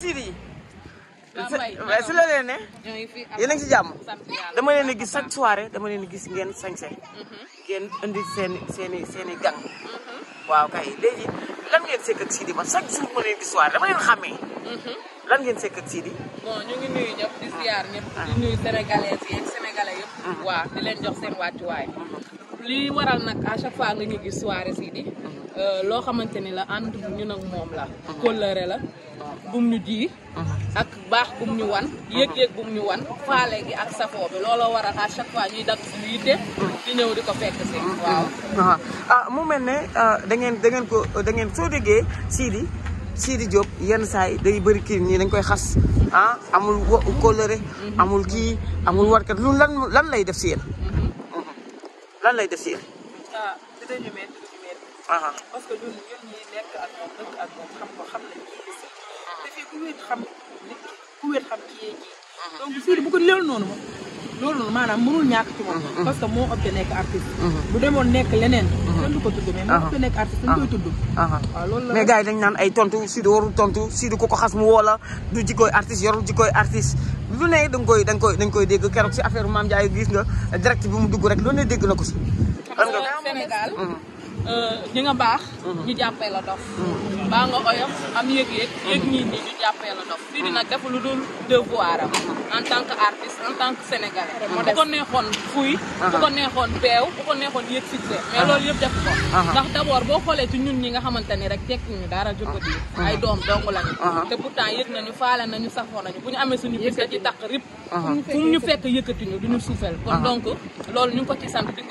Siri waaye si la ne yéen a ngi si jàmm dama leen di gis chaque soirée dama leen di gis ngeen sañse mm-hmm. ngeen indi seen seeni seen i gang mm-hmm. waaw kay léegi lan ngeen sekk ak Sidi man chaque jour ma leen gis soirée dama leen xàmmee mm-hmm. lan ngeen sekk ak Sidi bon ñu ngi nuyu ñëpp di ah. ziar ñëpp di ah. nuyu leen jox seen wàccuwaay lii waral nag à chaque fois nga ñu gis soirée di euh, loo xamante ni la ànd bu ñu nag moom la kóllëre la bum ñu ji ak baax bum ñu wan yëg-yëg bum ñu wan faale gi ak safoo bi looloo waral à chaque fois ñuy dagg suñu yitte di ñëw di ko fekk si waaw ah, ah mu mel ne ah, da ngeen da ngeen ko da soo déggee Sidi Sidi Diop yenn saa yi day bëri kii ñii dañ koy xas ah amul kóllëre mm-hmm. amul kii amul warkat lu lan lan lay def si yéen lan lay de si yéen. Ah, ko xam nañ ah. ah. noonu moom. maanaam mënul ñàkk ci moom. Mm-hmm. parce que moo ëppee nekk artiste. Mm-hmm. bu demoon nekk leneen. Mm-hmm. kenn du ko tudd mais moo nekk artiste dañ koy tudd. waaw loolu la mais gars yi dañ naan ay tontu Sidy warul tontu Sidy ku ko xas mu woo la lu ne da nga koy da nga koy da koy dégg keroog si affaire Mame Ndiaye gis nga direct bi mu dugg rek lu ne dégg na ko si. xam nga Sénégal. Mm. Euh, ñi nga baax ñu jàppee la dof baa nga oyof am yëg-yëg yëg ñii nii ñu jàppee la dof Sidy nag dafa lu dul devoir am en tant que artiste en tant que sénégalais bu ko neexoon fuy bu ko neexoon beew bu ko neexoon yëg fixé mais loolu yëpp def ko ndax d'abord boo xoolee ci ñun ñi nga xamante ni rek tekki ñu dara jokati ay doom dong lañu te pourtant yëg nañu faale nañu safoo nañu bu ñu amee suñu bis da ci taq rip fu mu ñu fekk yëkkatiñu duñu suufel kon donc loolu ñu ngi ci sant di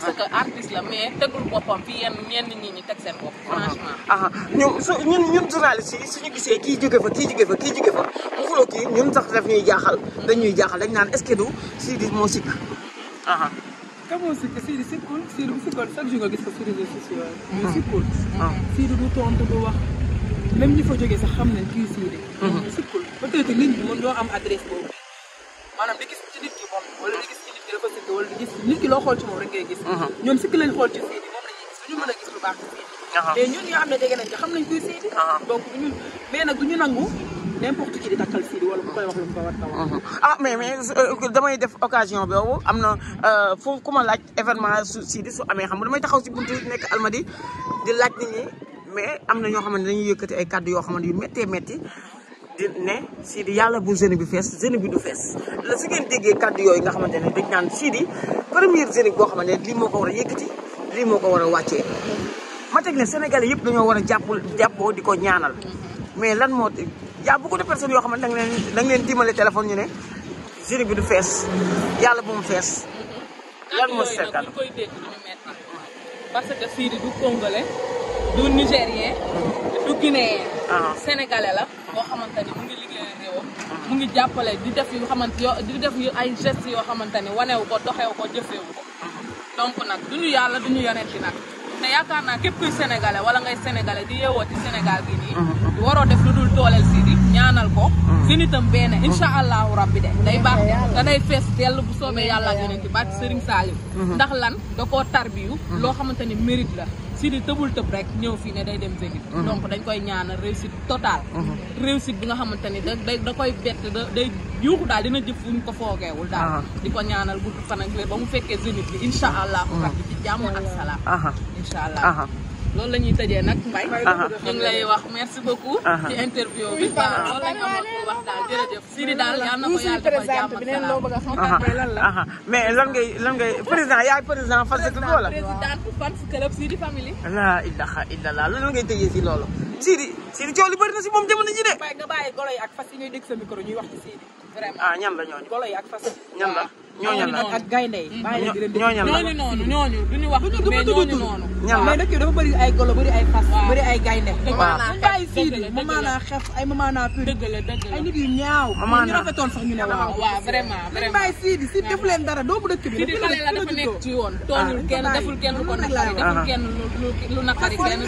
parce que artiste la mais tegul boppam fi yenn ñenn ñi ñu teg seen bopp franchement. ah ñun su ñun ñun journaliste yi ñuy jaaxal. dañuy jaaxal dañ naan est-ce que du moo sikk. ka moo sikk Sidy sikkul Sidy bu sikkoon chaque jour nga gis ko sur réseaux ah. ah. am adresse boobu maanaam di respecté wala nit ki loo xool ci moom rek ngay gis mhm. ñoom sikk lañ xool ci Sidi moom lañuy gis duñu mën a gis lu baax mhm. mais ñun ñoo xam ne jege nañ ko xam nañ mhm. mais nag duñu ah, mais mais euh, damay def occasion boobu am na foofu euh, ku ma laaj événement su Sidi su amee xam nga damay taxaw si buntu nekk Almadies di laaj nit ñi mais am na ñoo xamante dañuy yëkkati ay kàddu yoo xamante yu méttee métti ne Sidi yalla bu Zénith bi fess Zénith bi du fess la su ngeen déggee kaddu yoy nga xamantene dañ nan Sidi premier Zénith bo xamantene li moko wara ko li moko wara lii ma tek ne Sénégalais yëpp dañu wara japp jàpp diko di ñaanal mais lan mo y'a beaucoup de personnes yo xamantene dañ leen dañ leen dimbalé téléphone ñu ne Zénith bi du fess yalla bu mu fess lan mo sétal parce que Sidi du congolais du nigérien du guinéen. Ah. sénégalais la. boo xamante mu ngi liggéey réewam mu ngi jàppale di def yu xamante yo di def yu ay gestes yoo xamante ni wanewu ko doxewu ko jëfewu ko donc nag duñu yàlla duñu yonenti nag te yaakaar naa képp kuy sénégalais wala ngay sénégalais di yeewoo ci sénégal gi nii mhm. waroo def lu dul dooleel si di ñaanal ko mhm. si nitam benn incha mhm. allahu rabbi de day baax te day fees dell bu soobee yàlla yonenti baat Serigne Saliou ndax lan da koo tarbiyu loo xamante ni mérite la Sidy tëbul tëb rek ñëw fii ne day dem Zénith uh-huh. donc dañ koy ñaanal réussite totale uh-huh. réussite bi nga xamante ni da da koy bett da day yuuxu daal dina jëf fu ñu ko foogeewul daal uh-huh. di ko ñaanal gudd fan ak ba mu fekkee Zénith bi incha allahu rabbi ci jàmm ak salaam incha allah loolu la ñuy tëjee nag Mbaye. ñu ngi lay wax merci beaucoup. ci interview bi waaw loolu la ñu amoon wax daal jërëjëf. Sidi daal yal na ko yàlla defal jàmm ak salaam. mais lan ngay lan ngay président yaay président fan club wala. président fan club Sidi family. la ilaha illallah lan ngay tëjee si loolu. Sidi Sidi coow li bëri na si moom jamono ji de. Mbaye nga bàyyi golo yi ak fas yi ngay dégg sa micro ñuy wax ci Sidi. vraiment ah ñan la ñooñu. golo yi ak fas ñan la. ñooñu la ak gaynde yi bàyyi leen di leen ñooñu noonu ñooñu duñu wax mais ñooñu noonu mais nag dafa bëri ay golo bëri ay fas bëri ay gaynde waaw suñu bàyyi siidi mamaanaa xef ay mamaanaa pur dëgg la dëgg la ay nit yu ñaaw ñu rafetoon sax ñu ne waaw waaw vraiment vraiment bàyyi siidi siidi defu leen dara doomu dëkk bi siidi xale la dafa nekk ci yoon ah. tooñul kenn deful kenn lu ko naqari deful kenn lu naqari kenn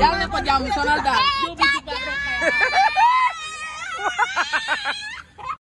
yàlla ne ko jàmm sonal daal